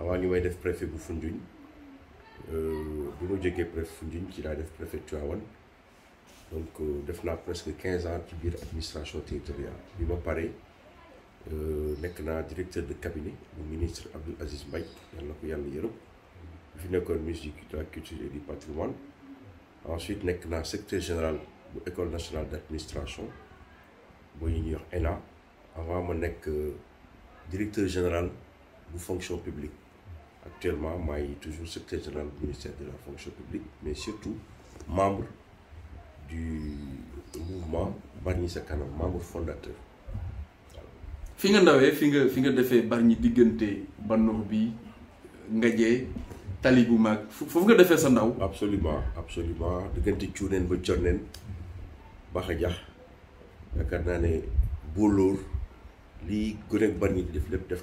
avant avons may def préfet de Foundiougne euh, bu ma le préfet Foundiougne qui est le préfet Tivaouane donc euh, def presque 15 ans d'administration biir territoriale bi ma paree euh, nekk na directeur de cabinet du ministre Abdelaziz Aziz Mbaye yàlla na ko yàlla yërëm fi de la culture et du patrimoine ensuite nekk na secrétaire général de l'école nationale d'administration, administration booy L.A. ENA avant ma directeur général de la fonction publique actuellement mais toujours secrétaire général du ministère de la fonction publique mais surtout membre du mouvement Bargny Sakana, membre fondateur. fi nga ndawee fi nga fi nga defee Bargny diggante Banoox bi Ngajee tali bu mag foofu nga defee sa ndaw. absolument absolument diggante cuuneen ba jonneen baxa jax yaakaar naa ne bóolóor lii gën a Bargny di def def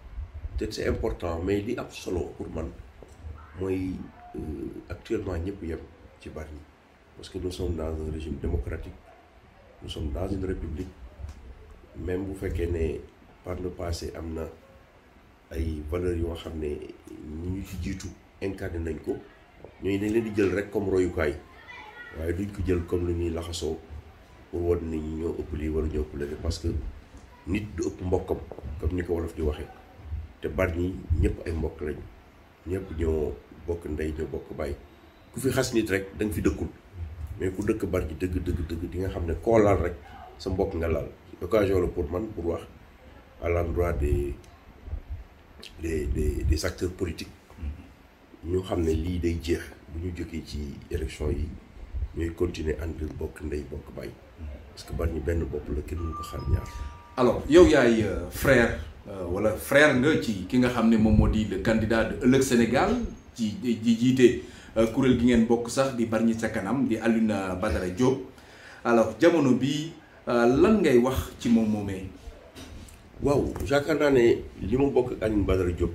peut-être c'est important mais li ab solo pour man mooy euh, actuellement ñëpp yem ci Bargny parce que nous sommes dans un régime démocratique nous sommes dans une république même bu fekkee ne par le passé am na ay valeurs yoo xam ne ñu ñu ci jiitu incarné nañ ko ñooñu dañ leen di jël rek comme royukaay waaye duñ ko jël comme lu ñuy laxasoo pour wan ni ñoo ëpp lii wala ñoo ëpp parce que nit du ëpp mbokkam comme ni ko wolof di waxee. te bari ñi ñëpp ay mbokk lañ ñëpp ñoo bokk ndey ñoo bokk baay ku fi xas nit rek da fi dëkkul mais ku dëkk bari dëgg dëgg dëgg di nga xam ne koo rek sa mbokk nga laal occasion la pour man pour wax à l'endroit des des des ñu xam ne lii day jeex bu ñu jógee ci élection yi ñooy continuer ànd bokk ndey bokk baay parce que bari ñi benn bopp la kenn mënu ko xar ñaar yow yaay euh, frère Euh, wala frère nga ci ki nga xam ne moom moo di le di de ëllëg Sénégal ci ji jiite euh, kuréel gi ngeen bokk sax di Bargny ca kanam di Alioune Badara Diop alors jamono bi euh, lan ngay wax ci moom moomee. waaw yaakaar naa ne li ma bokk ak Alioune Badara Diop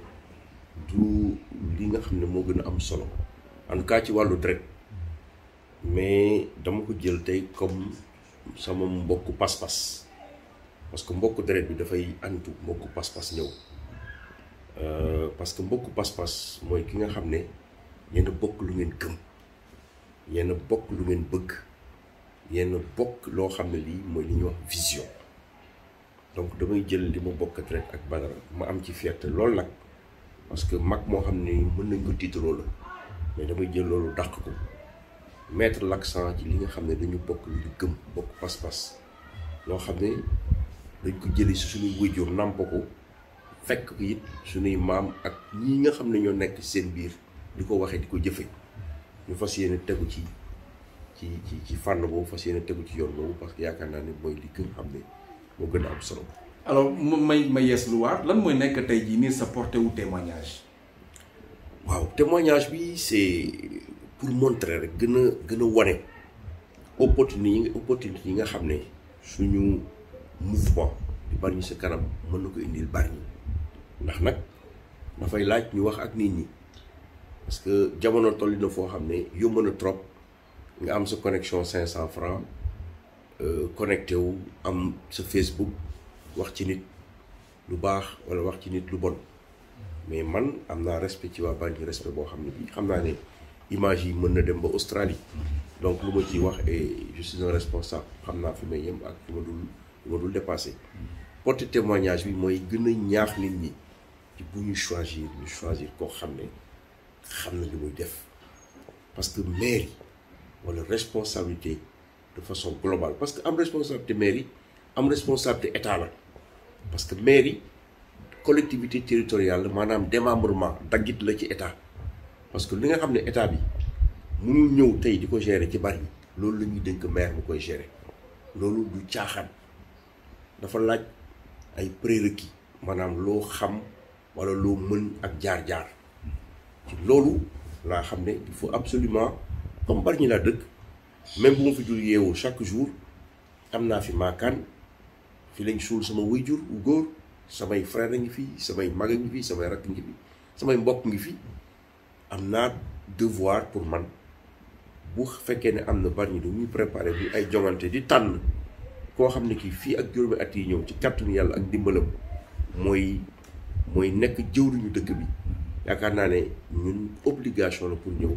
du li nga xam ne moo gën a am solo en tout cas ci wàllu deret mais dama ko jël tey comme sama mbokk pas-pas. parce que mbokk deret bi dafay antu mbokku pas-pas ñëw euh, parce que mbokku pas-pas mooy ki nga xam ne yéen bokk lu ngeen gëm yéen bokk lu ngeen bëgg yéen bokk loo xam ne lii li ñuy wax vision donc damay jël li ma bokk deret ak Badara ma am ci fierté lool nag parce que mag moo xam ne mën nañ ko tiitaroo la mais damay jël loolu dàq ko mettre l'accent ci li nga xam dañu bokk lu gëm bokk pas-pas lo xam dañ ko jëlee si suñu wëjur nàmp ko fekk ko it suñuy maam ak ñi nga xam ne ñoo nekk seen biir di ko waxee di ko jëfe ñu fas yéene tegu ci ci ci ci fànn boobu fas yéene tegu ci yoon boobu parce que yaakaar naa ne mooy li nga xam ne moo gën a am solo. alors may ma yees lu waar lan mooy nekk tey jii nii sa porté wu témoignage. waaw témoignage bi c'est pour montrer rek gën a gën a wone opportunité yi nga yi nga xam ne suñu. mouvement di Bargny sa kanam mën na ko indi indil Bargny ndax nag dafay laaj ñu wax ak nit ñi parce que jamono tolli na foo xam ne yomb na trop nga am sa connexion 500 francs euh, connecté wu am sa Facebook wax ci nit lu baax walla wax ci nit lu bon mais man am naa respect ci waa Bargny respect boo xam ne bii xam naa ne image yi mën na dem ba Australie donc lu ma ciy wax et je suis un responsable xam naa fi may yem ak fi ma dul. nga dul dépassé porte témoignage bi mooy a ñaax nit ñi ci bu choisir ñu choisir koo xam ne xam na li def parce que mairie wala responsabilité de façon globale parce que am responsabilité mairie am responsabilité état parce que mairie collectivité territoriale la démembrement d'agit la ci état parce que li nga xam ne état bi mënul ñëw tey di ko gérer ci bari loolu la ñuy dénk maire mu koy gérer loolu du caaxaan dafa laaj ay prérequis manam loo xam wala loo mën ak jaar-jaar ci loolu laa xam ne il faut absolument comme bari ñi laa dëkk même bu ma fi dul yeewoo chaque jour am naa fi maakaan fi lañ suul sama wayjur wu góor samay frère a ngi fi samay mag a ngi fi samay rakk ngi fi samay mbokk ngi fi am naa devoir pour man bu fekkee ne am na bari ñi dañuy préparé bu ay jongante di tànn ko xam ne fi fii ak juróomi at yi ñëw ci kàttanu yàlla ak ndimbalam mooy mooy nekk jëwriñu dëkk bi yaakaar naa ne ñun obligation la pour ñëw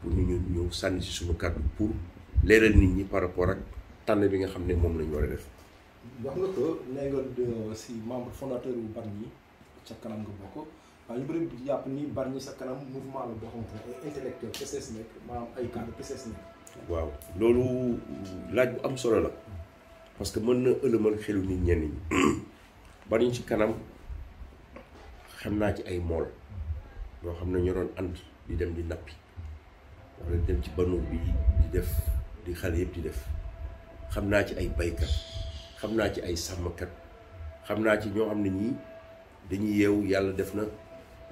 pour ñu ñun ñëw sànni si suñu kàddu pour leeral nit ñi par rapport ak bi nga ne moom la def wax nga ko si membre fondateur yu Bargny ca kanam nga bokk waaye ñu bëri jàpp ni Bargny sa kanam mouvement la boo xam intellectuel PCS nekk maanaam ay cadre waaw laaj bu am solo la parce que mën na ëlëmal xelu nit ñenn ñi bariñ ci kanam xam naa ci ay mool ñoo xam ne ñu doon ànd di dem di nappi wala dem ci banoor bi di def di xale yëpp di def xam naa ci ay baykat xam naa ci ay sàmmkat xam naa ci ñoo xam ne ñii dañuy yeewu yàlla def na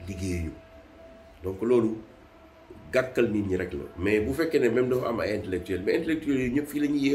liggéeyu donc loolu gàkkal nit ñi rek la mais bu fekkee ne même dafa am ay intellectuel mais intellectuel yi ñëpp fii la ñuy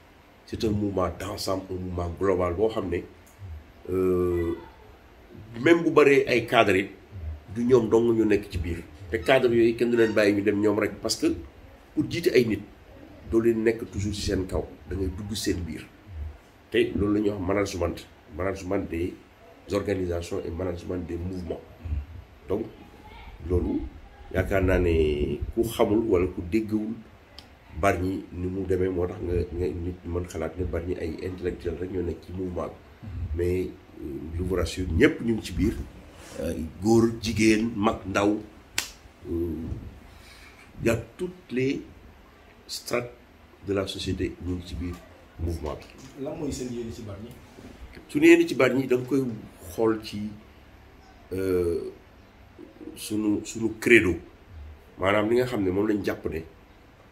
c'est un mouvement d'ensemble un mouvement global boo xam ne euh, même bu bëree ay cadres yi du ñoom dong ñu nekk ci biir te cadre yooyu kenn du leen bàyyi ñu dem ñoom rek parce que pour jiite ay nit doo leen nekk toujours ci seen kaw da dugg seen biir te loolu la ñuy wax management management des organisations et management des mouvements donc loolu yaakaar naa ne ku xamul wala ku déggawul ñi ni mu demee moo tax nga nga nit mën xalaat ni bari ñi ay intellectuel rek ñoo nekk ci mouvement bi mm-hmm. mais euh, je vous rassure ñëpp ñu ngi ci biir euh, góor jigéen mag ndaw euh, y'a toutes les strates de la société ñu ngi ci biir mouvement bi. lan mooy seen yéene ci Bargny. suñu yéene ci Bargny da nga koy xool ci sunu sunu credo maanaam li nga xam ne moom lañ jàpp ne.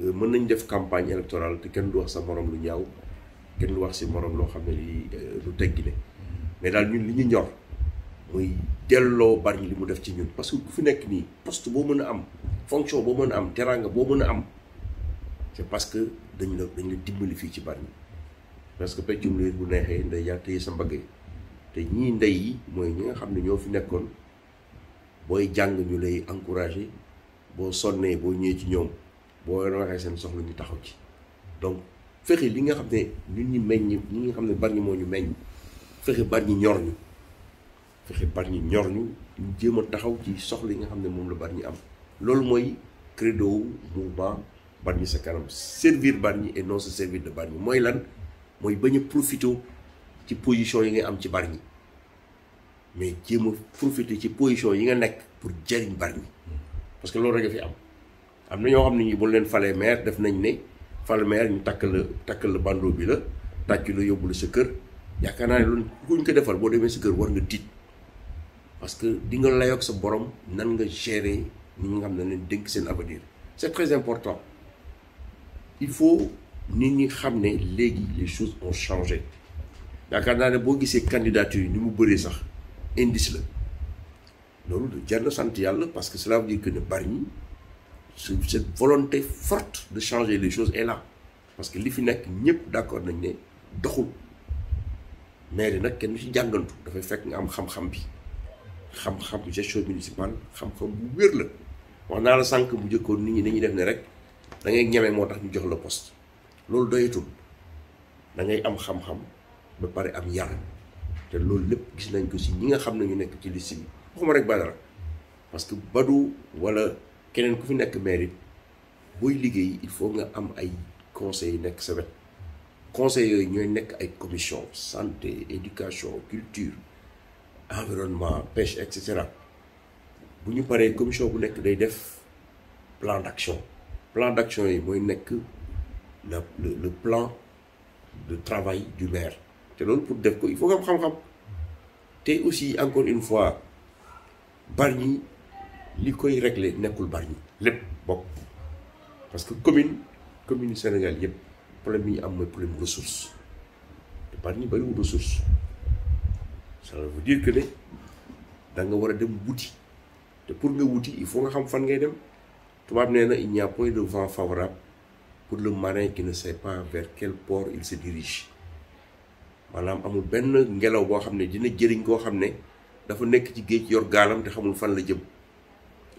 Euh, mën nañ def campagne électorale te kenn du wax sa morom lu ñaaw kenn du wax si morom loo xam ne lii lu euh, teggine mais daal ñu li ñu ñor muy delloo bari li mu def ci ñun parce que ku fi nekk nii poste boo mën a am fonction boo mën a am teraanga boo mën a am c'est parce que dañ la dañ la dimbali fii ci bari parce que peccum liir bu neexee ndey yaa téye sa mbagg te ñii ndey yi mooy ñi nga xam ne ñoo fi nekkoon booy jàng ñu lay encouragé boo sonnee boo ñëwee ci ñoom boo leen waxee seen soxla ñu taxaw ci donc fexe li nga xam ne ñun ñu meññ ñi nga xam ne bari moo ñu meññ fexe bari ñi ñor ñu fexe bari ñi ñor ñu ñu jéem a taxaw ci soxla yi nga xam ne moom la bari ñi am loolu mooy credo mouvement bari ñi sa kanam servir bari ñi et non se servir de bari ñi mooy lan mooy bañ a profité ci position yi nga am ci bari ñi mais jéem a profité ci position yi nga nekk pour jëriñ bari ñi parce que loolu rek a fi am. am na ñoo xam ne ñi bu leen falee maire def nañ ne fal maire ñu takk la takk la bandeau bi la tàcc la yóbbu la sa kër yaakaar naa ne loolu kuñ ko defal boo demee sa kër war nga tiit parce que di nga layoog sa borom nan nga gérer ñi nga xam ne leen dénk seen avenir c'est très important il faut nit ñi xam ne léegi les choses ont changé yaakaar naa ne boo gisee candidature yi ni mu bëree sax indice la loolu du jar na sant yàlla parce que cela veut dire que ne bari ñi cette volonté forte de changer les choses est là parce que li fi nous d'accord nañ ne doxul pas d'accord. kenn ci fait xam-xam bi xam-xam gestion municipale xam-xam bu wér la ont naa bu ne rek poste am xam-xam ba am yar gis nañ si ñi ne ci fait. rek parce que Badou wala keneen ku fi nekk maire it booy il faut nga am ay conseils yu nekk sa wet conseils yooyu ñooy ay commission santé éducation culture environnement pêche etc. cetera bu ñu paree commission bu nekk day def plan d'action plan d'action yi mooy nekk le plan de travail du maire te loolu pour def ko il faut nga xam-xam te aussi encore une fois bari li koy réglé nekkul Bargny lépp bokk parce que commune commune Sénégal yépp problème yi am mooy problème ressource te Bargny bariwul ressource ça veut dire que ne da nga war a dem wuti te pour nga wuti il faut nga xam fan ngay dem tubaab nee na il n'y a point de vent favorable pour le marin qui ne sait pas vers quel port il se dirige maanaam amul benn ngelaw boo xam ne dina jëriñ koo xam ne dafa nekk ci géej yor gaalam te xamul fan la jëm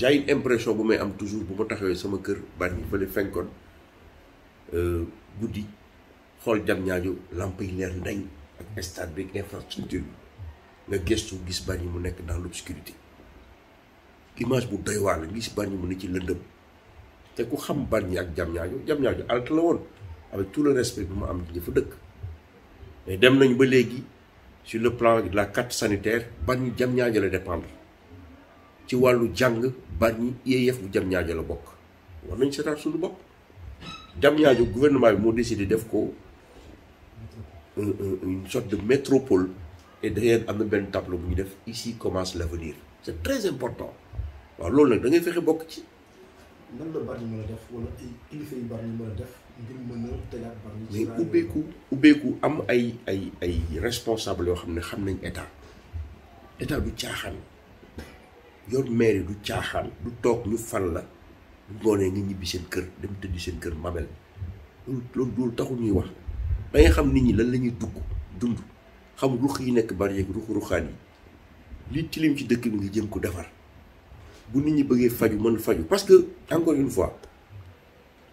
j'ai une impression bu may am toujours bu ma taxawee sama kër bànni fële fenkoon euh, guddi xool jam ñaajo lamp yi leer ndañ ak stade bi infrastructure nga gestu gis bànni mu nekk dans l'obscurité image bu doy waar la gis bànni mu ne ci lëndëm te ku xam bànni ak jam ñaajo jam ñaajo alta la woon avec tout le respect bi ma am di fa dëkk mais dem nañu ba léegi sur le plan de la carte sanitaire bànni jam ñaajo la dépendre ci walu jang bari yeyef bu jam ñaajo la bok war nañ sétat suñu bok jam ñaajo gouvernement bi mo décidé def ko une sorte de métropole et derrière amna ben tableau bu ñu def ici commence l'avenir c'est très important wa lool nak da ngay fexé bok ci nan la bari mëna def wala ay kilifa yu bari mëna def ngir mëna tegat bari mais ubbeku ubbeku am ay ay ay responsable yo xamne xam nañ état état du tiaxane yor maire du caaxaan du toog lu fal la bu ngoonee nga ñibbi seen kër dem tëddi seen kër mabel lu lu loolu taxul ñuy wax da nga xam nit ñi lan la ñuy dugg dund xam ruux yi nekk bari yeeg ruux ruxaan yi li tilim ci dëkk bi nga jëm ko defar bu nit ñi bëggee faju mën faju parce que encore une fois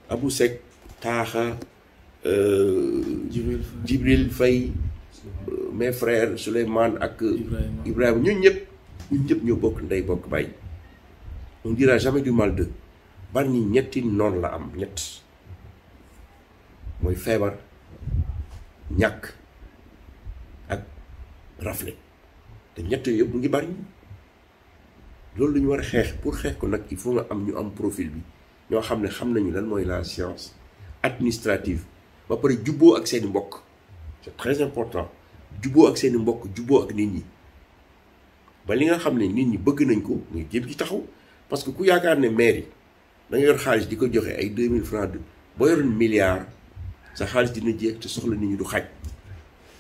abou sek taaxa euh, jibril fay euh, mes frères souleymane ak ibrahima ñun ñëpp ñun ñëpp ñoo bokk ndey bokk on dira jamais du mal d'eux ban ñi ñetti non la am ñett mooy feebar ñàkk ak rafle te ñett yooyu yëpp ngi bari loolu lu ñu war a pour xeex ko nag il faut nga am ñu am profil bi ñoo xam ne xam nañu lan mooy la science administrative ba pare jubboo ak seeni mbokk c'est très important jubboo ak seeni mbokk jubboo ak nit ñi ba li nga xam ne nit ñi bëgg nañ ko nga jéem ci taxaw parce que ku yaakaar ne maire yi da xaalis di ko joxe ay mille francs de boo yoroon milliard sa xaalis dina jeex te soxla nit ñi du xaj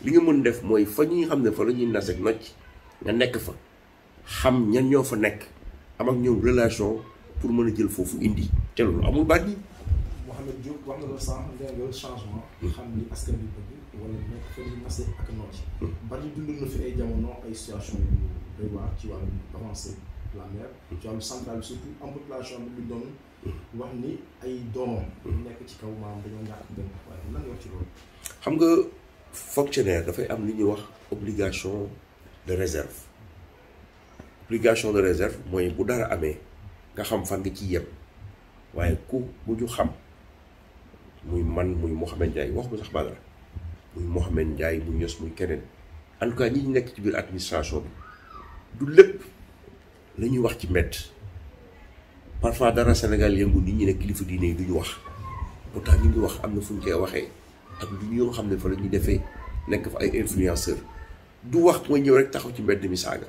li nga mën def mooy fa ñi nga xam ne fa la ñuy nas ak nocc nga nekk fa xam ñan ñoo fa nekk am ak ñoom relation pour mën a jël foofu indi te loolu amul baat yi. wax wala nekk fa di nase ak noos. Hmm. Bargny dund na fi ay jamono ay situation yu doy waar ci wàllu avancée la mer. Hmm. ci wàllu centrale surtout en population bi lu doon hmm. wax ni ay doom nekk ci kaw maam dañoo ñàkk benn waaye lan nga wax ci loolu. xam nga fonctionnaire dafay am li ñuy wax obligation de réserve obligation de réserve mooy bu dara amee nga xam fan nga ci yem waaye ku mu ñu xam muy man muy Mouhamed Ndiaye wax ko sax Badara. muy Mohamed Ndiaye mu ños muy keneen en tout cas ñi nekk ci biir administration bi du lépp lañuy wax ci mett parfois dara Sénégal yëngu nit ñu ne kilifa diine yi du ñu wax pourtant ñu ngi wax am na fu ñu koy waxee ak du ñu xam ne fa la ñuy defee nekk fa ay influenceur du wax nga ñëw rek taxaw ci mbedd mi saaga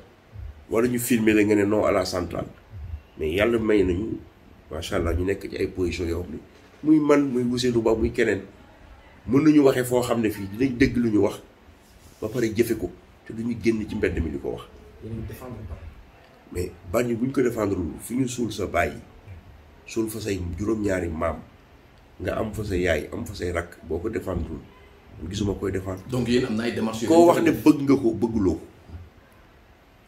wala ñu filmer la nga ne non à la centrale mais yàlla may nañu macha allah ñu nekk ci ay position yoo xam muy man muy Ousseynou Ba muy keneen. mën nañu waxee foo xam ne fii dinañ dégg lu ñu wax ba pare jëfe ko te duñu génn ci mbedd mi di ko wax mais Bargny bu ñu ko défendre fi ñu suul sa bàyyi suul fa say juróom-ñaari maam nga am fa sa yaay am fa say rakk boo ko défendre gisuma koy défendre donc yéen am na ay démarches koo wax ne bëgg nga ko bëgguloo ko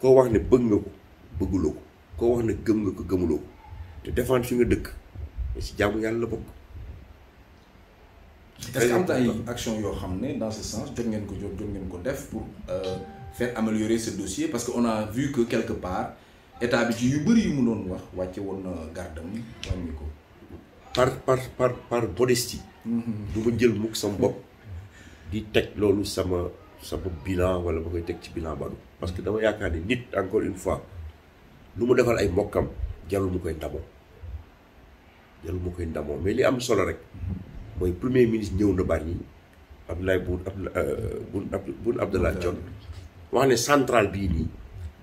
koo wax ne bëgg nga ko bëgguloo ko koo wax ne gëm nga ko gëmuloo ko te défendre fi nga dëkk mais jàmm yàlla la bokk est-ce que am na ay action yo xamné dans ce sens jot ngeen ko jot jot ngeen ko def pour euh, faire améliorer ce dossier parce que on a vu que quelque part état bi ci yu bari yu mu doon wax wàcce woon na gardam wàññi ko. par par par par modestie. Mm-hmm. du ma jël mukk sama bop di teg lolu sama sama bilan wala ma koy teg ci bilan badu parce que dama yaakaar nit encore une fois lu mu defal ay mokam jarul mu koy ndamoo jarul mu koy ndamoo mais li am solo rek le premier ministre de na Abdallah centrale bini,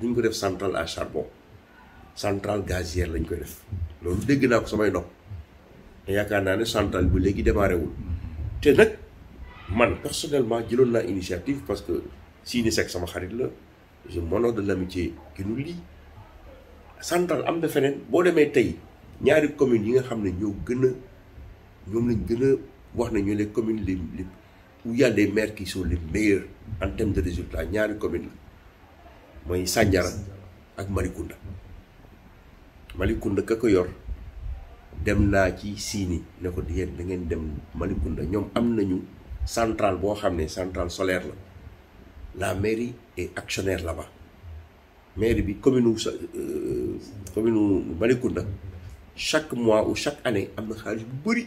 nii centrale à charbon centrale gazière lañ ko def loolu dégg samay nopp yaakaar centrale bu légui démarré wul man personnellement initiative parce que si Seck sama xarit la je de l'amitié qui nous li. centrale am na feneen boo demee tey ñaari communes yi nga ñoo ñoom lañ gën les communes les les où il y a des maires qui sont les meilleurs en termes de résultats ñaari communes. la mooy Sandiara ak Malikounda Malikunda. ka ko yor dem na ci sini ne ko yéen da ngeen dem malikunda ñom am nañu centrale bo xamné centrale solaire la la mairie est actionnaire là-bas mairie bi commune sa euh, commune malikunda chaque mois ou chaque année am na bu bari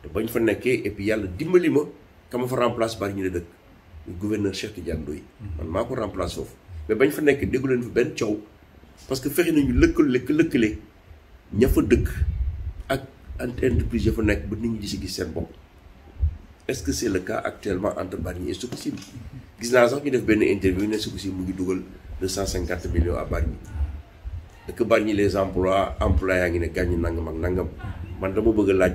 te bañ fa nekkee et yàlla dimbali ma ka ma fa remplace bari ñu la dëkk muy gouverneur Cheikh Tidiane mm-hmm. man maa ko remplace foofu mais bañ fa nekk déggu leen fa benn coow parce que fexe nañu lëkkal lëkk lëkkale ña fa dëkk ak entreprise ya fa nekk ba nit di si gis seen bopp est-ce que c'est le cas actuellement entre ñi et Sococim mm-hmm. gis naa sax ñu def benn interview ne Sococim mu ngi dugal deux cent cinquante millions à Bargny dëkk Bargny les emplois emplois yaa ngi ne gàññi nangam ak nangam man dama bëgg laaj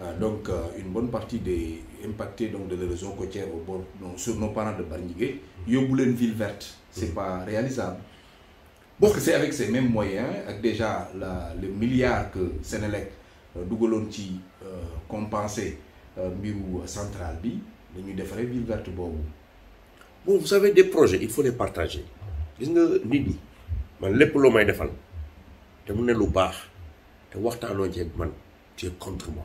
Ah, donc euh, une bonne partie des impactés donc, de région côtière au bord, sur nos parents de Barnigué, yóbbu une ville verte c'est mm. pas réalisable parce que c'est avec ces mêmes moyens avec déjà la le milliard que Sénélec euh, dugaloon ci euh, compenser mbiru centrale bi faire une ville verte boobu bon vous savez des projets il faut les partager gis nga je pas. man les loo may te ne lu pas. te waxtaanoo ceeg man tu es contre moi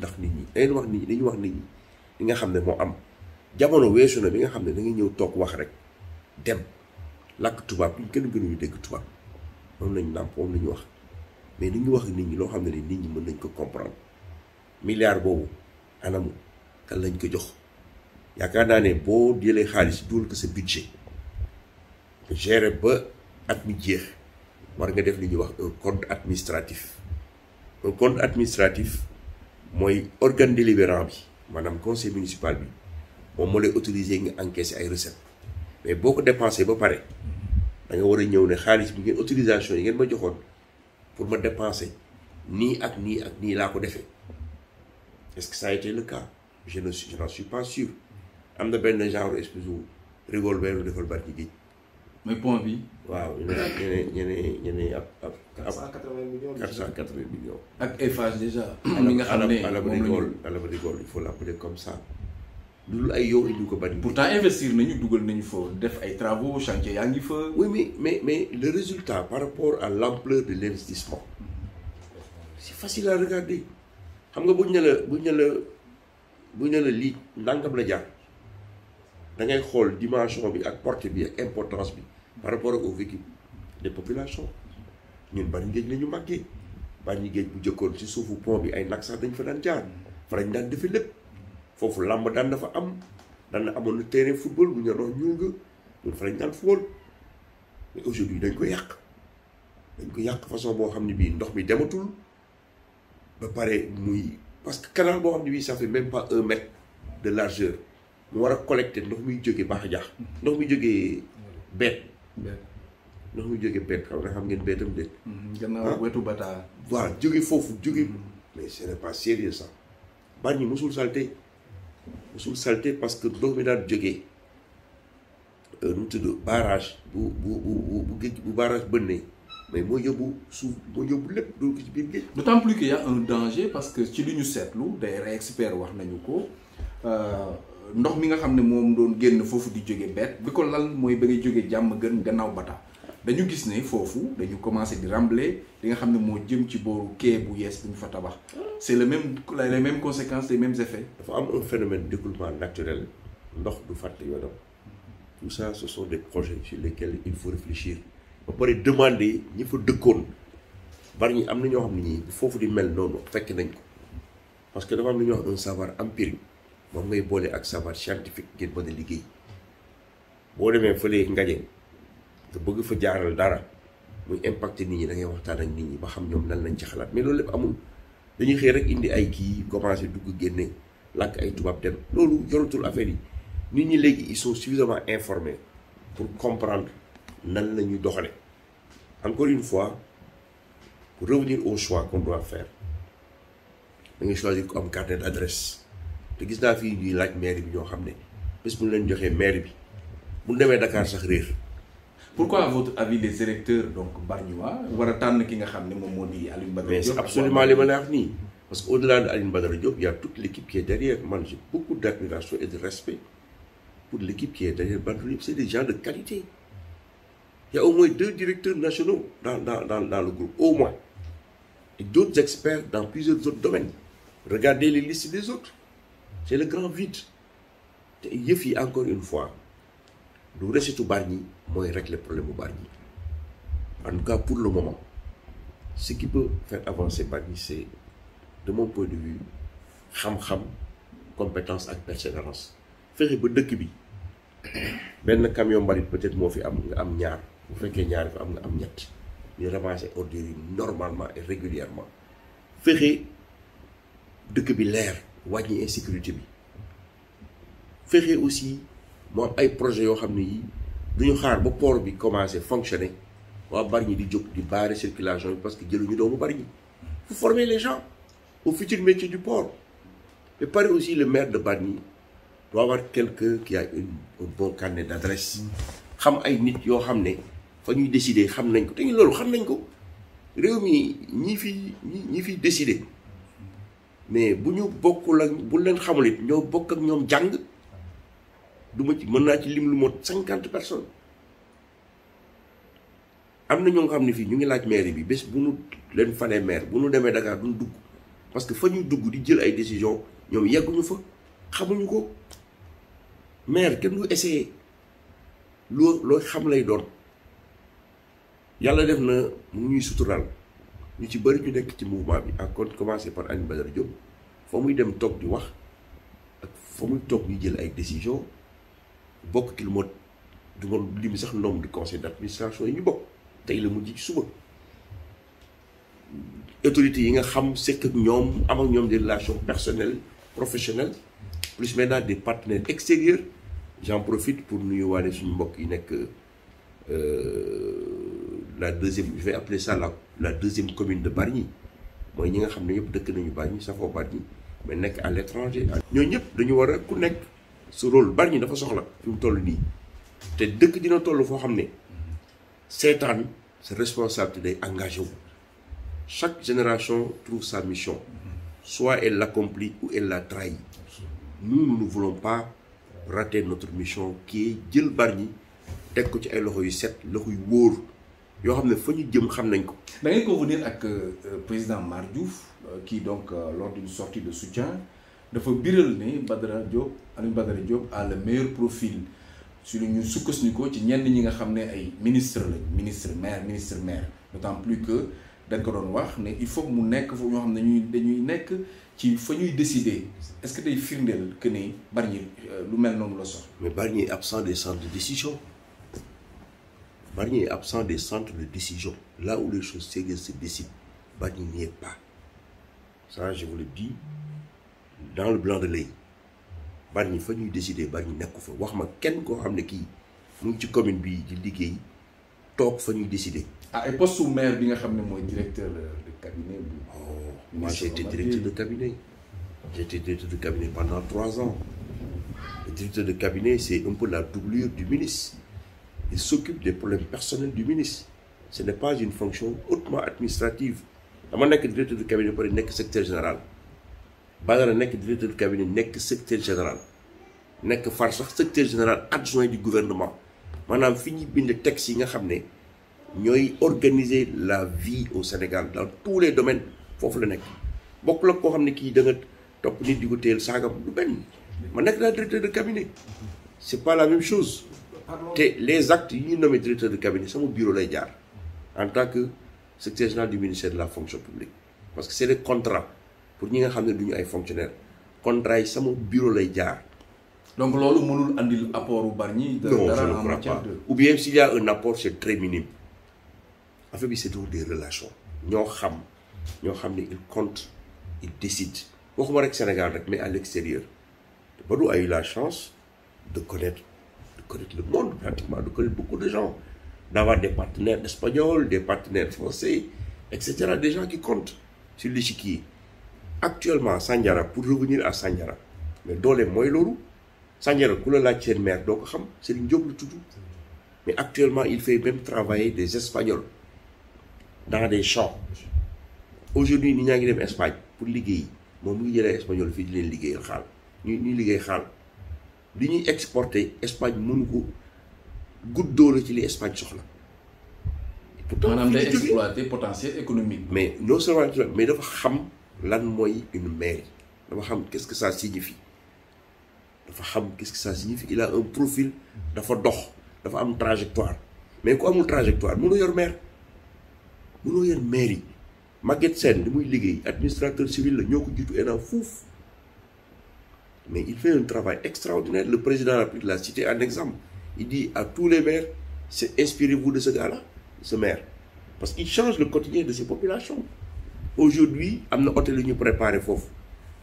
ndax nit ñi da ngeen wax nit ñi dañuy wax nit ñi li nga xam ne moo am jamono weesu na bi nga xam ne da ngay ñëw toog wax rek dem làkk tubaab ñu kenn gënuñu dégg tubaab moom lañ nàmp moom lañu wax mais li ñu wax nit ñi loo xam ne nit ñi mën nañ ko comprendre milliard boobu anamu kan lañ ko jox yaakaar naa ne boo jëlee xaalis dugal ko sa budget gérer ba at mi jeex war nga def li ñuy wax un compte administratif un compte administratif moy organe délibérant bi Madame conseil municipal bi moom moo lay autorisé nga encaisser ay recettes mais boko dépenser, ba paré da nga wara a ñëw né xaalis bi ngeen autorisation yi ngeen ma joxoon pour ma dépenser ni ak ni ak ni la ko défé est-ce que ça a été le cas je ne je n'en suis pas sûr am na benn genre espèce rigole benn defal barki géej mais pour envie. waaw y ne a 480 millions 480 millions. Avec Eiffage déjà. À nga la il faut l'appeler comme ça. pourtant investir nañu faut nañu faut def travaux chantier les ngi oui mais mais mais le résultat par rapport à l'ampleur de l'investissement c'est facile à regarder xam nga avez le lit vous avez le lit, da xool dimension bi ak portée bi ak importance bi par rapport au vécu des populations ñun bari géej la ñu màggee bari géej bu jëkkoon ci suufu pont bi ay nag sax dañ fa daan jaar fa lañ daan defe lépp foofu làmb daan dafa am daan na amoon na terrain football mu ñu doon ñuul nga ñun fa lañ daan football mais aujourd'hui dañ ko yàq dañ ko yàq façon boo xam ne bii ndox mi dematul ba pare muy parce que canal boo xam ne bii ça fait même pas un mètre de mu war collecté ndox mi joggé baax jax ndox mi joggé beet ndox mi joggé beet xam nga xam ngeen beetam dé mm-hmm. gannaaw ah. wetu bata waaw joggé fofu joggé mm-hmm. mais ce n'est pas sérieux ça Bargny mosul salté mosul salté parce que ndox mi joggé euh nu mu tudd barrage bu bu bu bu géej bu barrage bënnee mais moo yóbbu suuf moo yóbbu lépp doo ko ci biir géej d'autant plus qu'il y a un danger parce que ci li ñu seetlu day experts wax nañu ko Euh, ndox mi nga xam mom doon génn fofu di jóge beet bi ko lal moy ba ngay jóge jàmm gën gannaaw bata dañu gis ne fofu dañu commencé di rembler li nga xam mo jëm ci booru quai bu yees bu fa tabax c'est le même les mêmes conséquences les mêmes effets dafa am un phénomène d'écoulement naturel ndox du fàtte yoonam tout ça ce sont des projets sur lesquels il faut réfléchir ba pare demander ñi fa dekkone bari ñi am na ñoo xam ne ñi foofu di mel noonu fekk nañ ko parce que dafa am lu ñuy wax un savoir empirique moom ngay boole ak scientifique ngeen mën a liggéey boo demee fële nga bëgg fa jaaral dara muy impacté nit ñi da ngay waxtaan ak nit mais loolu amul dañuy rek indi ay commencé ay loolu affaire yi ils sont suffisamment informés pour comprendre nan encore une fois pour revenir au choix qu'on doit faire da choisir d'adresse maire bi ñoo leen maire Dakar sax rire. pourquoi à votre avis les électeurs donc Bargnois ont a que ki nga ne Aline pas Diop. c'est absolument ce que je parce quau delà de Badar job, il y a toute l'équipe qui est derrière Moi, j'ai beaucoup d'admiration et de respect pour l'équipe qui est derrière Bantouli c'est des gens de qualité il y a au moins deux directeurs nationaux dans dans, dans le groupe au moins et d'autres experts dans plusieurs autres domaines regardez les listes des autres c'est le grand vide il y a encore une fois nous restons barni, moi je règle le problème au barni. en tout cas pour le moment ce qui peut faire avancer barni, c'est de mon point de vue compétence et persévérance fexe ba dëkk bi le camion mbalit peut-être moi fi am nga am ñaar bu fekkee ñaar fi am nga am ñett ordinairement normalement et régulièrement faire dëkk bi l'air wàññi insécurité bi fexe aussi mu ay projet yo xamné yi duñu xaar ba port bi commencer fonctionner waa Bargny di jóg di barrer circulation parce que jëluñu doomu Bargny faut former les gens au futur métier du port et pareil aussi le maire de Bargny doit avoir quelqu'un qui a une un bon carnet d'adresse xam ay nit yo xamné ne fa ñuy décider xam nañ ko te loolu xam nañ ko réew mi ñi fi ñi fi décider mais bu ñu bokkul ak bu leen xamul it ñoo bokk ak ñoom jàng duma ci mën naa ci lim lu mot cinquante personnes am na ñoo xam ne fii ñu ngi laaj maire bi bés bu nu leen falee maire bu nu demee Dakar duñ dugg parce que fa ñu dugg di jël ay décision ñoom yegguñu fa xamuñu ko maire kenn du essayé loo loo xam lay doon yàlla def na mu ñuy suturaal. ñu ci bari ñu nekk ci mouvement bi commencé par un Badar Diop fa muy dem toog di wax ak fa muy toog jël ay décision bokk ki lu du ma sax nombre de conseil d'administration administration yi ñu bokk tey la mujj ci suba autorités yi nga xam nous ak ñoom am ak des relations personnelles professionnelles plus maintenant des partenaires extérieurs j'en profite pour nuyuwaale suñu mbokk yi nekk euh, la deuxième je vais appeler ça la la deuxième commune de Bargny mooy ñi nga xam ne gens dëkk nañu ça safoo Bargny mais nekk à l'étranger ñoo ñëpp dañu war a ku nekk su rôle Bargny dafa soxla que mu toll nii te dëkk ce que nous xam ne Cette responsable c'est responsable de l'engagement. chaque génération trouve sa mission soit elle l'accomplit ou elle la trahit nous ne voulons pas rater notre mission qui est de Bargny Barigny. que ci ay loxo le set le yo xam fañu jëm xam nañ ko. da ngay convenir ak euh, euh, président Mar Diouf euh, qui donc lors d'une sortie de soutien dafa biral ne Badara Diop Alioune Badara Diop a le meilleur profil ñu lu ni ko ci ñenn ñi nga xam ay ministre lañ ministre maire ministre maire d'autant plus que dañ ko doon wax ne il faut mu nekk fu ñu xam ne ñuy dañuy nekk ci fa ñuy décider est-ce que day firndel que ni Bargny lu mel noonu la sox mais Bargny absent des centres de décision. Barnier est absent des centres de décision, là où les choses se décident. Barnier n'y est pas. Ça, je vous le dis, dans le blanc de l'œil. Barnier, il faut nous décider, Barnier n'a pas fait. Wahma, quel qu'on a qui, nous, tu bi, il dit qu'il toog décider. ah et pas sous maire bi nga xam directeur de cabinet. oh moi j'étais directeur de cabinet. J'ai été directeur de cabinet pendant trois ans. le directeur de cabinet c'est un peu la doublure du ministre il s'occupe des problèmes personnels du ministre. Ce n'est pas une fonction hautement administrative. dama nekk directeur de cabinet ba pare secteur secrétaire général Badara nekk directeur de cabinet le secteur général nekk far le secteur général adjoint du gouvernement maanaam fi ñuy bind texte yi nga xam organiser la vie au Sénégal dans tous les domaines Fofu la nek bokku la ko xam ki da nga top nit di ko du ben ma nek la directeur de cabinet c'est pas la même chose les actes yi nommé directeur de cabinet sama bureau lay jaar en tant que secrétaire général du ministère de la fonction publique parce que c'est le contrat. pour ñi nga xam nous sommes ay fonctionnaire contrat est mon bureau lay jaar. donc lolu mënul andil apport bu barnier ñi. dara non je ne pas ou bien s'il y a un apport c'est très minime En fait, c'est toujours des relations ño xam Ils xam il compte il décide waxuma rek Sénégal rek mais à l'extérieur. extérieur a eu la chance de connaître connaître le monde pratiquement, de connaître beaucoup de gens, d'avoir des partenaires espagnols, des partenaires français, etc. Des gens qui comptent sur l'échiquier. Actuellement, Sanjara, pour revenir à Sanjara, mais dans les moyens lourds, Sanjara, pour la mère, donc, c'est une job de tout. Mais actuellement, il fait même travailler des Espagnols dans des champs. Aujourd'hui, nous sommes en Espagne pour liguer. Mon les espagnol fait de liguer. Nous liguer li ñuy Espagne mënu ko guddoo la ci li Espagne soxla. pourtant maanaam day exploiter potentiel économique. mais non seulement mais dafa xam lan moy une mère dafa xam qu'est-ce que ça signifie dafa xam qu'est-ce que ça signifie il a un profil dafa dox dafa am trajectoire mais ko amul trajectoire mënu yor mère mënu yor mairie Maguette Sen, li muy administrateur civil la ñoko jitu jiitu enaa fuuf. Mais il fait un travail extraordinaire. Le président de la République l'a cité en exemple. Il dit à tous les maires, inspirez-vous de ce gars-là, ce maire. Parce qu'il change le quotidien de ses populations. Aujourd'hui, il y a un hôtel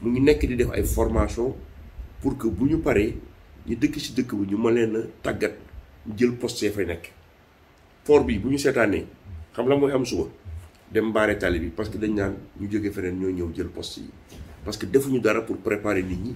Nous avons des formations pour que, si nous parlons, ñu nous ci dëkk bi ñu mën nous jël poste ya fay Pour nous, bi année, ñu Nous xam la mooy am suba dem barré tali parce que dañ naan ñu faire feneen ñoo ñëw jël poste parce que ñu dara pour préparer nit ñi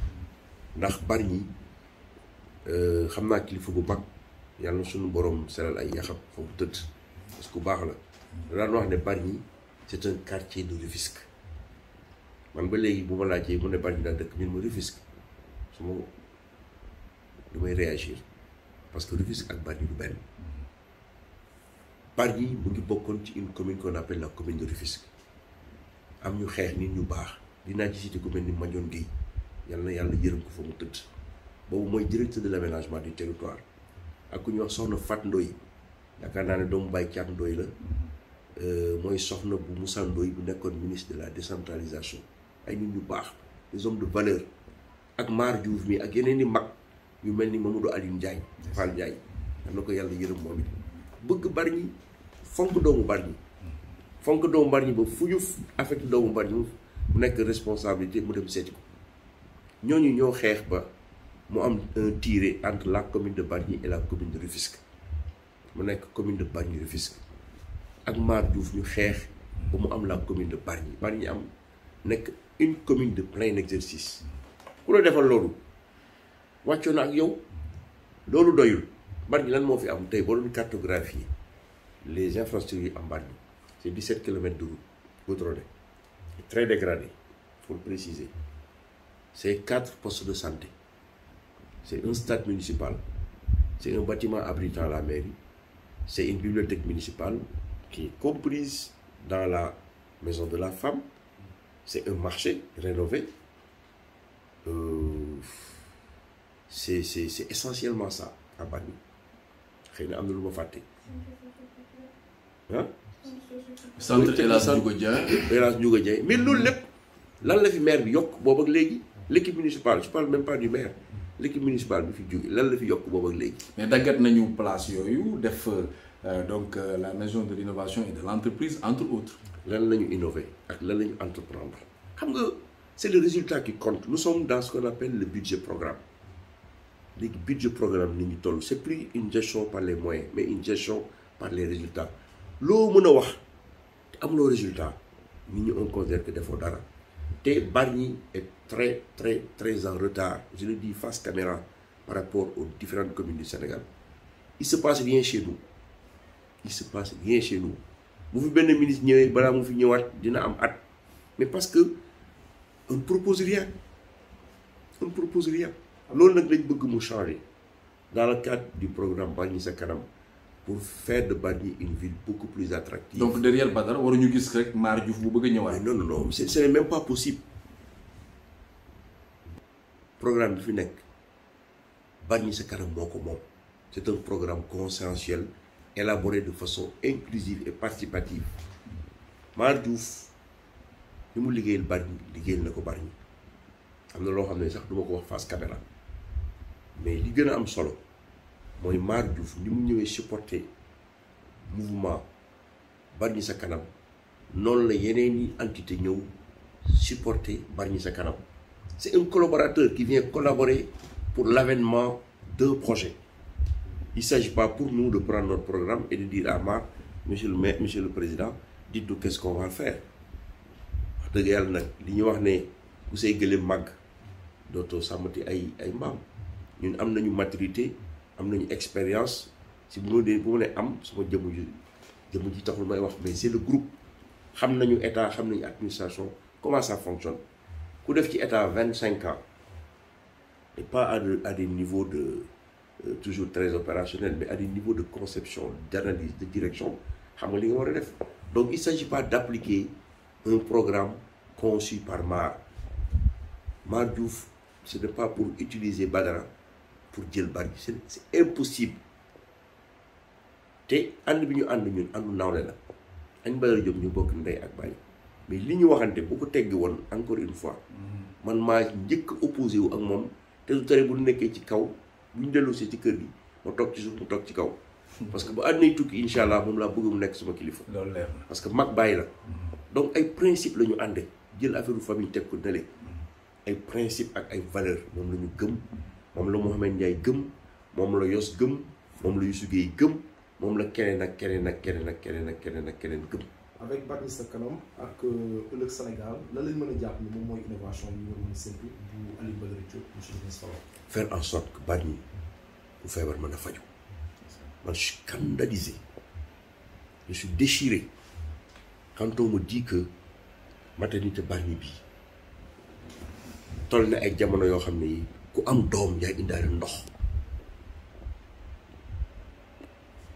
ndax bari ñi euh, xam naa kilifa bu mag yàlla suñu borom seral ay yaxam foofu tëdd parce que baax la daan wax ne bari ñi c'est un quartier de Rufisque man ba léegi bu ma laajee mu ne bari ñi daal dëkk ñun ma Rufisque su ma damay réagir parce que Rufisque ak bari ñi du benn bari ñi mu ngi bokkoon ci une commune qu'on appelle la commune de Rufisque am ñu xeex nit ñu baax dinaa ci cité ku mel ni Mandione Guèye yal na yàlla yërëm ko fa mu tëdd boobu mooy directeur de l' aménagement du territoire ak ku ñuy wax soxna Fat Ndoye yaakaar naa ne doomu Baye Thiat Ndoye la euh, mooy soxna bu Moussa Ndoye bu nekkoon ministre de la décentralisation ay nit ñu baax des hommes de valeur ak Mar Diouf mi ak yeneen i mag yu mel ni Mamadou Aliou Ndiaye Fall Ndiaye yal na ko yàlla yërëm moom it bëgg Bargny fonk doomu Bargny mm. fonk doomu Bargny ba fu ñu affecté doomu Bargny mu nekk responsabilité mu dem seeti ko ñoñu ñoo xex ba mu am un tiré entre la commune de Bargny et la commune de Rufisque mu nek commune de Bargny Rufisque ak Mar Diouf ñu xex ba mu am la commune de Bargny Bargny am nek une commune de plein exercice ku la defal loolu waccu na ak yow loolu doyul Bargny lan mo fi am tay boo doon cartographie les infrastructures en am c'est 17 km de route C'est très dégradé le préciser c'est quatre postes de santé. C'est un stade municipal. C'est un bâtiment abritant la mairie. C'est une bibliothèque municipale qui est comprise dans la maison de la femme. C'est un marché rénové. Euh, c'est essentiellement ça à Bani. Hein? centre El Hadj Ndiouga Dieng. El Hadj Ndiouga mais nous lépp lan la fi maire bi yokk boobu l'équipe municipale je ne parle même pas du maire l'équipe municipale bi fi jóge lan la fi yokk boobu ak léegi. mais daggat nañu place yooyu def euh, donc euh, la maison de l'innovation et de l'entreprise entre autres. lan de nous innover ak lan ce entreprendre c'est le résultat qui compte nous sommes dans ce qu'on appelle le budget programme Le budget programme ni n'est c'est plus une gestion par les moyens mais une gestion par les résultats Ce mën a wax c'est amuloo résultat nit ñi on conserve des fonds dara Té est très, très, très en retard, je le dis face caméra, par rapport aux différentes communes du Sénégal. Il se passe rien chez nous. Il se passe rien chez nous. Vous voyez le ministre ñëwé bala mu fi ñëwaat Mais parce que on ne propose rien. On ne propose rien. alors nak lañ bëgg mu changer dans le cadre du programme bani sakaram pour faire de Bani une ville beaucoup plus attractive. Donc derrière Badar on a rek Mar Diouf bu bëgg Non non non, ce n'est même pas possible programme bi fi nek Bargny sa kanam moo mom c'est un programme consensuel élaboré de façon inclusive et participative Mar Diouf li mu liggéeyal Bargny liggéeyal na ko Bargny am na loo sax du ko wax face caméra mais li gën am solo moy Mar Diouf ni mu ñëwee supporter mouvement Bargny sa kanam Non la yeneen entité ñëw supporter sa kanam c'est un collaborateur qui vient collaborer pour l'avènement d'un projet. Il ne s'agit pas pour nous de prendre notre programme et de dire à Marc, monsieur le monsieur le président, dites-nous qu'est-ce qu'on va faire. dëgg yàlla nag li wax ne ku say gëlëm ay ay ñun maturité une expérience si vous voulez, vous bu mais c'est le groupe Nous avons l'état, l'administration, administration comment ça fonctionne si tu ci à 25 ans et pas à des niveaux de euh, toujours très opérationnels mais à des niveaux de conception d'analyse de direction donc il ne s'agit pas d'appliquer un programme conçu par Mar Mar ce n'est pas pour utiliser Badara pour le bari c'est impossible mais li ñu waxante boo ko teggi woon encore une fois man maa njëkk opposé wu ak moom te du tere bu nekkee ci kaw bu ñu dellu si ci kër gi ma toog ci suuf mu toog ci kaw parce que ba àddinay tukki incha allah moom laa bëgg mu nekk suma kilifa loolu leer na parce que mag bàyyi la donc ay principe la ñu ànde jël affaire u famille teg ko nele ay principe ak ay valeur moom la ñu gëm moom la Mouhamed Ndiaye gëm moom la Yos gëm moom la Youssou Gueye gëm moom la keneen ak keneen ak keneen ak keneen ak keneen ak keneen gëm avec Bargny sa kanam ak euh, ëllëg Sénégal lan lañ mën a jàpp ni moom mooy innovation yi war mën a séntu bu Aliou Badara monsieur le ministre faire en sorte que Bargny bu feebar mën faju man je suis scandalisé je suis déchiré quand on me dit que maternité Bargny bi toll na ay jamono yoo xam ne yi ku am doom yaa indaale ndox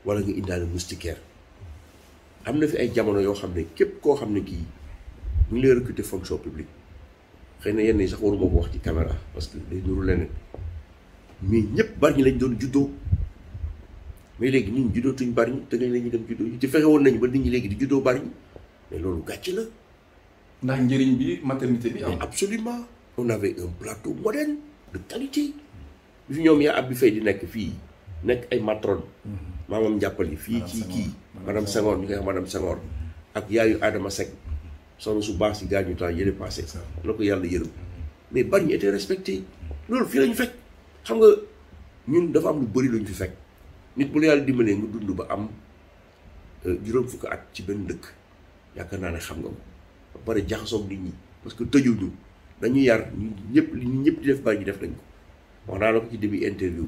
wala nga indaale moustiquaire am na fi ay jamono yoo xam ne képp koo xam ne kii bu ñu lay recruter fonction publique xëy na yenn yi sax waruma ko wax ci caméra parce que day nuru leneen mais ñëpp bari ñi lañ doon juddo mais léegi nit ñi juddootuñ bari ñi te ñu dem juddoo ñu ci fexewoon woon nañu ba nit ñi léegi di juddoo bari ñi mais loolu gàcc la. ndax njëriñ bi maternité bi am. absolument on avait un plateau moderne de qualité. bi fi ñoom yaa ab bi fay di nekk fii. nek ay matron mhm. mamam jàppali fi ci Madam madame Senghor ñu koy wax madame Senghor ak yaayu Adama Seck soxna su baax si gaañu temps yële passé la ko yàlla yërëm mhm. mais bari ñu été respecté loolu fii lañu fekk xam nga ñun dafa am lu bëri lañu fi fekk nit bu la yàlla dimbalee nga dund ba am euh, juróom fukk at ci ben dëkk yaakaar na ne xam nga ko ba pare jaxasoog nit ñi parce que tëjuñu dañu yar ñëpp li ñëpp di def baa def nañ ko wax naa la ci début interview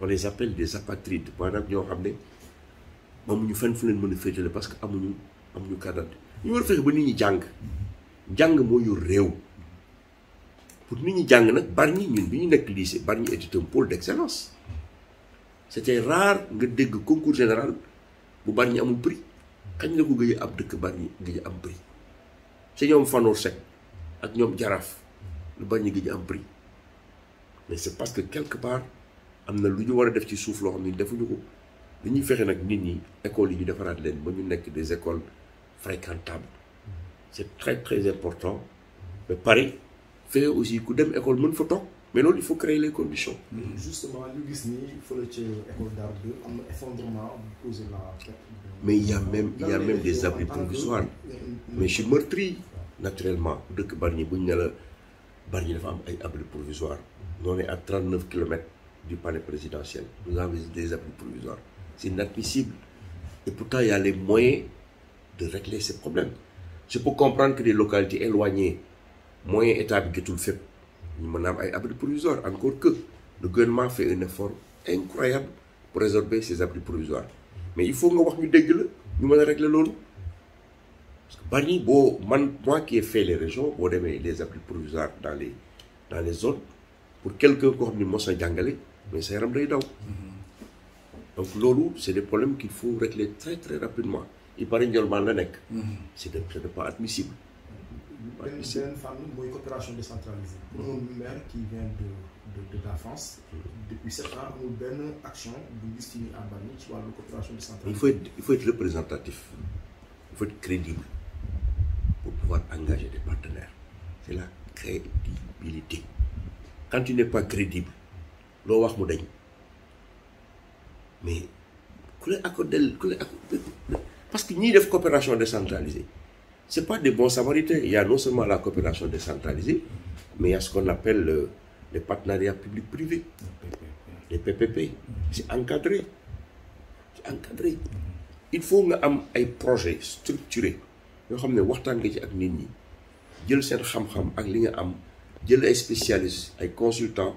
on les appelle des apatrides maanaam parce que ñu war ba nit ñi jang jang mo yor pour nit ñi nak ñun bi ñu lycée était un d'excellence c'était rare nga dégg concours général bu Bargny amul prix kañ la ko gëy ab dëkk am prix ci ñom ak ñom jaraf lu am prix mais c'est parce que quelque part am na lu ñu war a def ci suuf loo xam ne defuñu ko dañuy fexe nag nit ñi écoles yi ñu defaraat leen ba ñu nekk des écoles fréquentables c'est très très important mais Paris fexe aussi ku dem école mën fa toog mais loolu il faut créer les conditions. justement ñu gis ni fële ci école d'art bi am na effondrement bu posé la. mais il y a même il y a même des abris provisoires mm-hmm. mais je meurtri naturellement dëkk Bargny bu buñ ne la Bargny dafa am ay abris provisoires. ñoo à 39 kilomètres du palais présidentiel. Nous avons des abris provisoires. C'est inadmissible. Et pourtant, il y a les moyens de régler ces problèmes. Je peux comprendre que les localités éloignées, moyens établis que tout le fait, nous avons des abris provisoires. Encore que le gouvernement fait un effort incroyable pour résorber ces abris provisoires. Mais il faut que nous nous régler l'eau. Parce que bon, moi qui ai fait les régions, on les abris provisoires dans les, dans les zones, pour quelqu'un comme nous, moi, mais c'est un day daw donc l'eau c'est des problèmes qu'il faut régler très très rapidement il paraît que le c'est n'est c'est pas admissible C'est mm-hmm. ben, ben, une famille de coopération décentralisée pour mm-hmm. mon maire qui vient de de de la France mm-hmm. depuis sept ans nous benn action de gis ci ñuy àmbar ni coopération décentralisée il faut il faut être représentatif il faut être crédible pour pouvoir engager des partenaires c'est la crédibilité quand tu n'es pas crédible mais ku le, parce que ni def coopération décentralisée c'est pas des bons samaritains il y a non seulement la coopération décentralisée mais il y a ce qu'on appelle le, les partenariats public privé les PPP c'est encadré c'est encadré il faut un projet structuré projets structurés yoo xam un nga spécialistes consultants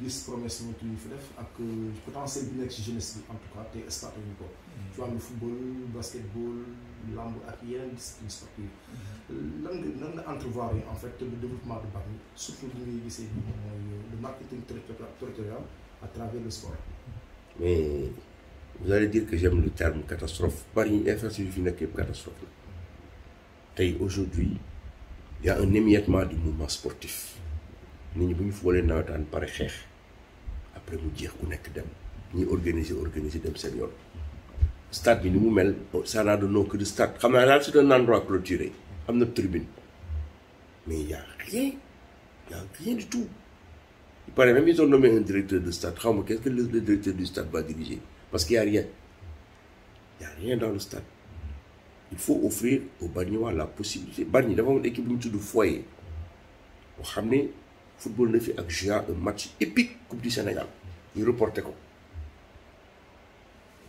10 promesses que ñu fi et euh, potentiel de jeunesse en tout cas te exploité ñu mm-hmm. tu vois, le football basketball lamb ak yeneen discipline sportive mm-hmm. lan nga lan en fait le développement de Paris, surtout euh, le marketing territorial à travers le sport. mais vous allez dire que j'aime le terme catastrophe Paris est une catastrophe aujourd'hui il y a un émiettement du mouvement sportif nous avons fait ñu foolee nawetaan après nous jeex ku nekk dem ñi organiser organiser dem seen Le stade bi ni mu ça n'a de nom que de stade c'est un endroit clôturé am une tribune mais n'y a rien Il n'y a rien du tout il paraît même ils ont nommé un directeur de stade qu'est-ce que le directeur du stade va diriger parce qu'il y a rien il y a rien dans le stade il faut offrir aux Bargnois la possibilité Bargny dafa une équipe de foyer boo xam football ne fait ak un match épique coupe du Sénégal il reportait ko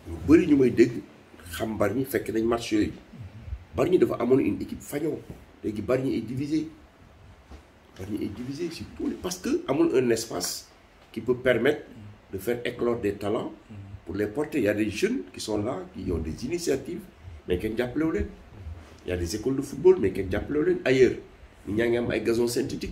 ñu nous ñu may que xam Bargny fekk nañ match yooyu Bargny dafa une équipe fanion léegi est divisé Bargny est divisé sur tous parce que amul un espace qui peut permettre de faire éclore des talents pour les porter il y a des jeunes qui sont là qui ont des initiatives mais kenn jàppalewu leen il y a des écoles de football mais kenn jàppalewu ailleurs Il y a ay gazon synthétique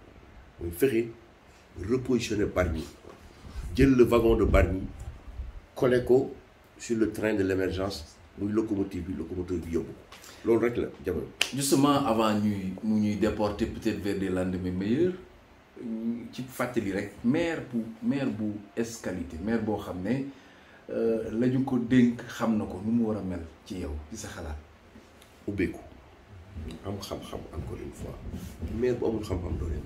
On ferait repositionner Barni, jël le wagon de Barni, collé ko sur le train de l'émergence, émergence muy locomotive bi locomotive bi yóbbu loolu rek la justement avant ñuy mu ñuy déporter peut-être vers des lendemains meilleurs ci fàttali rek maire bu maire bu escalité maire bo xamné euh lañu ko denk xam na ko nu mu war mel ci yow ci sa xalaat. ubbeeku am xam-xam encore une fois maire bu amul xam-xam do leen.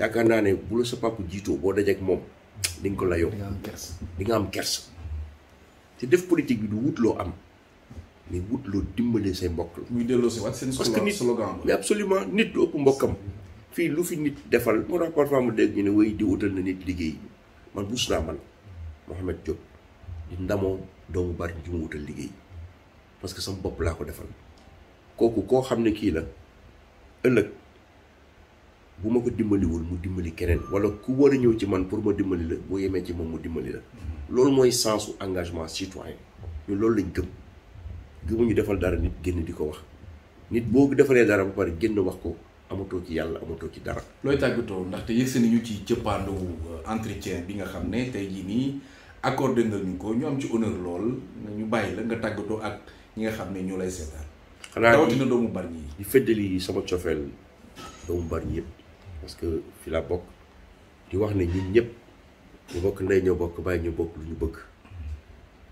yaakaar naa ne bu la sa papa jiitoo boo dajeek moom di ko layoo. di nga am kersa di nga am kersa. te def politique bi du wut loo am mais wut loo dimbalee say mbokk la. muy delloo si waat seen parce que nit mais absolument nit du ëpp mbokkam. fii lu fi nit defal moo tax parfois ñu ne wéy di wutal na nit liggéey man bus naa man Mouhamed Diop di bari ci liggéey parce que sama bopp laa ko defal kooku koo xam ne kii la ëllëg. bu ma ko dimbaliwul mu dimbali keneen wala ku war a ñëw ci man pour ma dimbali la boo yemee ci moom mu dimbali la loolu mooy sensu engagement citoyen ñu loolu lañ gëm gëmuñu defal dara génn di ko wax nit boo defalee dara ba pare génn wax ko amatoo ci yàlla amatoo ci dara. looy tàggatoo ndaxte yëgsi nañu ci cëppaandu euh, entretien bi nga xam ne tey jii nii accordé nga ñu ko ñu am ci honneur lool ñu bàyyi la nga tàggatoo ak ñi nga xam ne ñoo lay seetaan. xanaa rawatina doomu bari yi. di fëddali sama cofeel doomu bari yëpp. parce que fi laa bokk di wax na ñun ñëpp ñu bokk ndey ñoo bokk bàyyi ñoo bokk lu ñu bëgg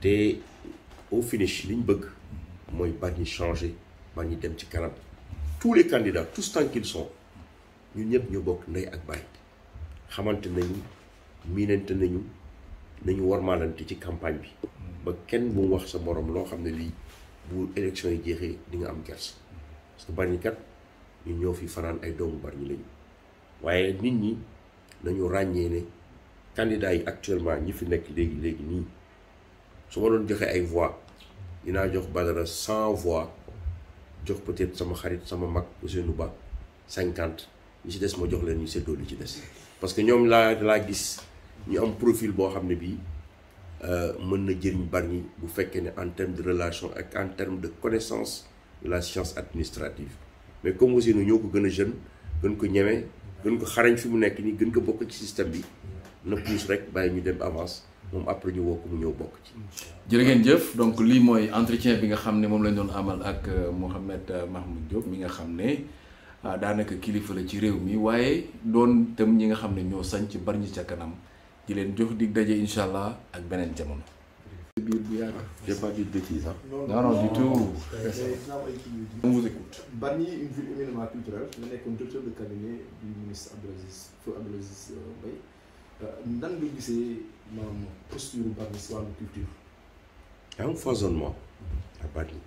te au finish li bëgg mooy bañ ñu changer bañ ñu dem ci kanam tous les candidats tous tant qu'ils sont ñun ñëpp ñu bokk ndey ak bàyyi xamante nañu miinante nañu nañu warmaalante ci campagne bi ba kenn bu wax sa borom loo xam ne lii bu élection yi jeexee di nga am gers parce que Bargny kat ñun ñoo fi fanaan ay doomu Bargny lañu waye nit ñi dañu ragné né candidat yi actuellement ñi fi nek légui légui ni su ma doon joxe ay voix dinaa jox Badara 100 voix jox peut-être sama xarit sama mag Ousseynou Ba 50 ñi ci dess ma jox leen ñu seddoo li ci dess parce que ñoom laa laa gis ñu am profil boo xam ne bii euh, mën na jëriñ bari bu fekkee ne en terme de relation ak en terme de connaissance de la science administrative mais comme aussi nu ñoo ko gën a jeune gën ko ñeme gën ko xarañ fi mu nekk nii gën ko bokk ci système bi na pousse rek bàyyi ñu dem avance moom après ñu woo ko mu ñëw bokk ci. jërë ngeen jëf donc lii mooy entretien bi nga xam ne moom lañ doon amal ak euh, euh, Mahmoud Diop mi nga xam ne euh, daanaka kilifa la ci réew mi waaye doon tam ñi nga xam ne ñoo sañ ci ca kanam di leen jox dig daje incha allah ak beneen jamono. J'ai pas dit de bêtises. Hein. Non, non, non, non, du tout. On vous écoute. Barnier, une ville éminemment culturelle, je suis directeur de cabinet du ministre Abdelaziz Abdelaziz euh, Mbaye. Euh, nan nga gisee ma posture Bargny si wàllu culture. y a un foisonnement à Bargny.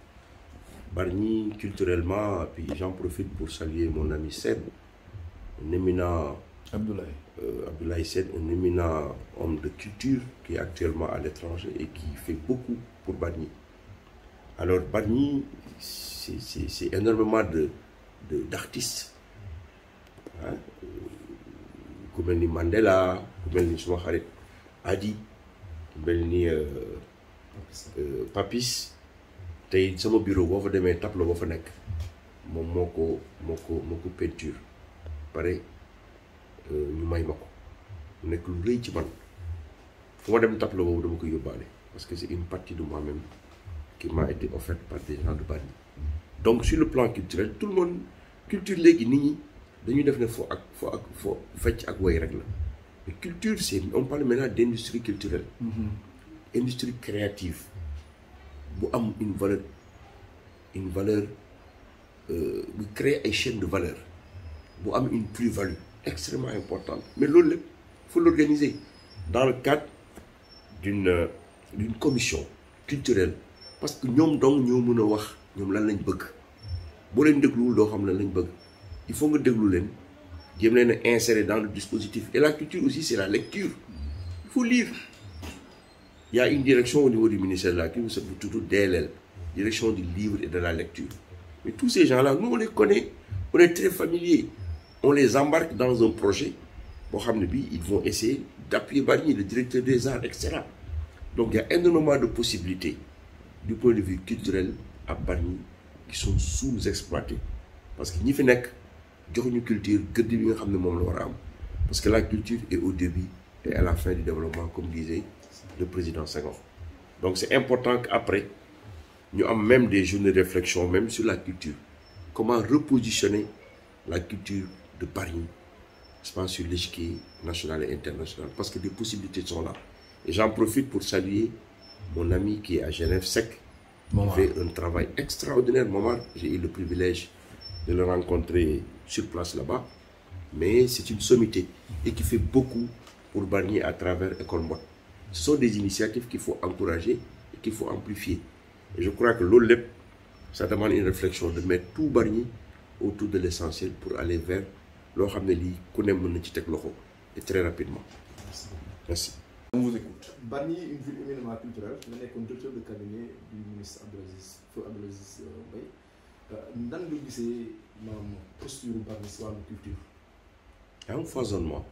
Bargny culturellement puis j'en profite pour saluer mon ami Seb, un éminent. Abdoulaye Abdullah Abdoulaye Sen, un éminent homme de culture qui est actuellement à l'étranger et qui fait beaucoup pour Bagni. Alors Badni, c'est énormément d'artistes. De, hein. Comme euh, Mandela, comme Soumakharit Adi, comme euh, euh, Papis. un mon bureau de fa table tableau peinture Pareil. Euh, ñu may ma ko mu nekk lu rëy ci man fu ma dem tableau boobu dama koy yóbbaale parce que c'est une partie de moi-même qui m'a été offerte par des gens de Bali. donc sur le plan culturel tout le monde culture léegi nit ñi dañuy def ne fo ak fo ak fo fecc ak rek la mais culture c'est on parle maintenant d'industrie culturelle mm-hmm. industrie créative bu am une valeur une valeur bu euh, créer une chaîne de valeur bu am une plus-value extrêmement importante. Mais l'eau faut l'organiser dans le cadre d'une euh, d'une commission culturelle parce que nous sommes ñoo nous a wax ñoom lan lañ bëgg boo leen dégluwul il faut que déglu leen jéem leen insérer dans le dispositif et la culture aussi c'est la lecture il faut lire il y a une direction au niveau du ministère de la culture c'est tout DLL direction du livre et de la lecture mais tous ces gens-là nous on les connaît on est très familier on les embarque dans un projet. Ils vont essayer d'appuyer Barnier, le directeur des arts, etc. Donc il y a énormément de possibilités du point de vue culturel à Barnier qui sont sous-exploitées. Parce qu'il n'y fait une culture que Parce que la culture est au début et à la fin du développement, comme disait le président Senghor. Donc c'est important qu'après, nous avons même des journées de réflexion même sur la culture. Comment repositionner la culture de Paris, je pense sur l'échiquier national et international, parce que des possibilités sont là. Et j'en profite pour saluer mon ami qui est à Genève Sec, qui fait un travail extraordinaire. Maman, j'ai eu le privilège de le rencontrer sur place là-bas, mais c'est une sommité et qui fait beaucoup pour Barnier à travers École Moi. Ce sont des initiatives qu'il faut encourager et qu'il faut amplifier. Et je crois que l'OLEP, ça demande une réflexion de mettre tout Barnier autour de l'essentiel pour aller vers lo xamné li ku ne na ci loxo et très rapidement merci. on vous écoute. Bargny une ville éminemment culturelle nga le directeur de cabinet du ministre Abdelaziz Feu Abdelaziz euh, Mbaye euh, nan nga gissé maam posture Bargny sur la culture. y a un foisonnement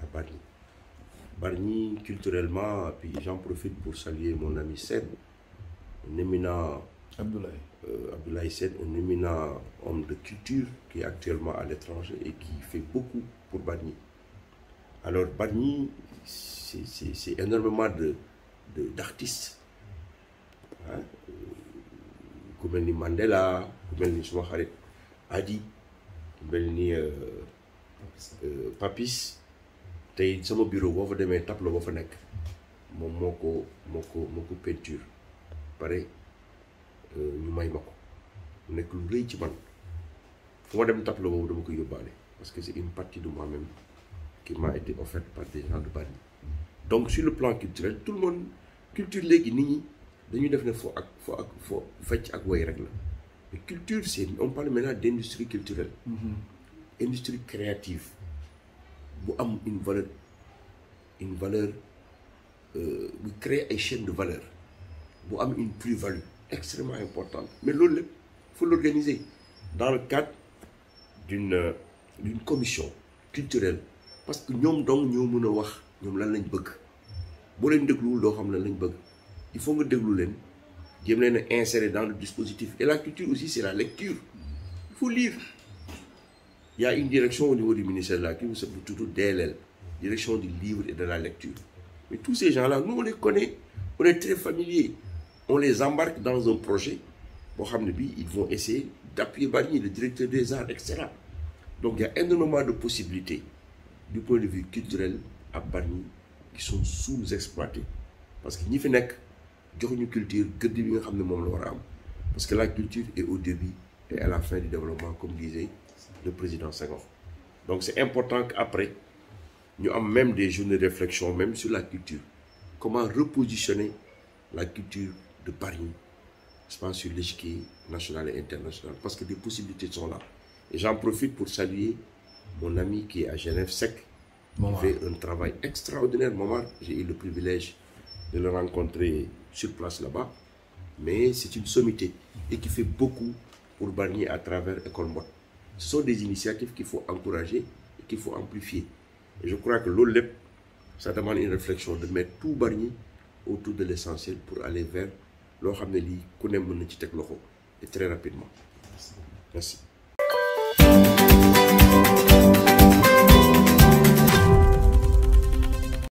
à Bargny. Bargny culturellement puis j'en profite pour saluer mon ami Seb, un éminent Abdoulaye. Euh, Abdoulaye Sen, un éminent homme de culture qui est actuellement à l'étranger et qui fait beaucoup pour Bani. Alors Bani, c'est énormément d'artistes. De, hein, Comme euh, Mandela, comme Adi, comme euh, Papis. mon bureau vous avez demee tableau ba fa nekk moom moo peinture nous euh, may ma ko mu nekk lu rëy ci man fu ma dem tableau boobu dama koy parce que c'est une partie de moi-même qui m'a été offerte par des gens de Paris. donc sur le plan culturel tout le monde culture léegi nit ñi dañuy def ne foo ak foo ak la mais culture c'est on parle maintenant d'industrie culturelle mm-hmm. industrie créative bu am une valeur une valeur euh, bu créer une chaîne de valeur bu am une plus-value extrêmement importante. Mais il faut l'organiser dans le cadre d'une commission culturelle. Parce que nous donc nous pouvons dire nous lan lañ bëgg xam lan lañ il faut que nous leen insérer dans le dispositif et la culture aussi c'est la lecture il faut lire il y a une direction au niveau du ministère de la culture c'est plutôt DLL direction du livre et de la lecture mais tous ces gens là nous on les connaît on est très familier on les embarque dans un projet pour qu'ils ils vont essayer d'appuyer Barnier, le directeur des arts etc. donc il y a énormément de possibilités du point de vue culturel à Barnier qui sont sous-exploitées parce que culture que la parce que la culture est au début et à la fin du développement comme disait le président Senghor donc c'est important qu'après nous avons même des journées de réflexion même sur la culture comment repositionner la culture de Paris, je pense sur l'échiquier national et international, parce que des possibilités sont là. Et j'en profite pour saluer mon ami qui est à Genève Sec, qui fait un travail extraordinaire. Momar, j'ai eu le privilège de le rencontrer sur place là-bas, mais c'est une sommité et qui fait beaucoup pour Barnier à travers École Moine. Ce sont des initiatives qu'il faut encourager et qu'il faut amplifier. Et je crois que l'OLEP, ça demande une réflexion de mettre tout Barnier autour de l'essentiel pour aller vers lo xamné li ku ci loxo et très rapidement merci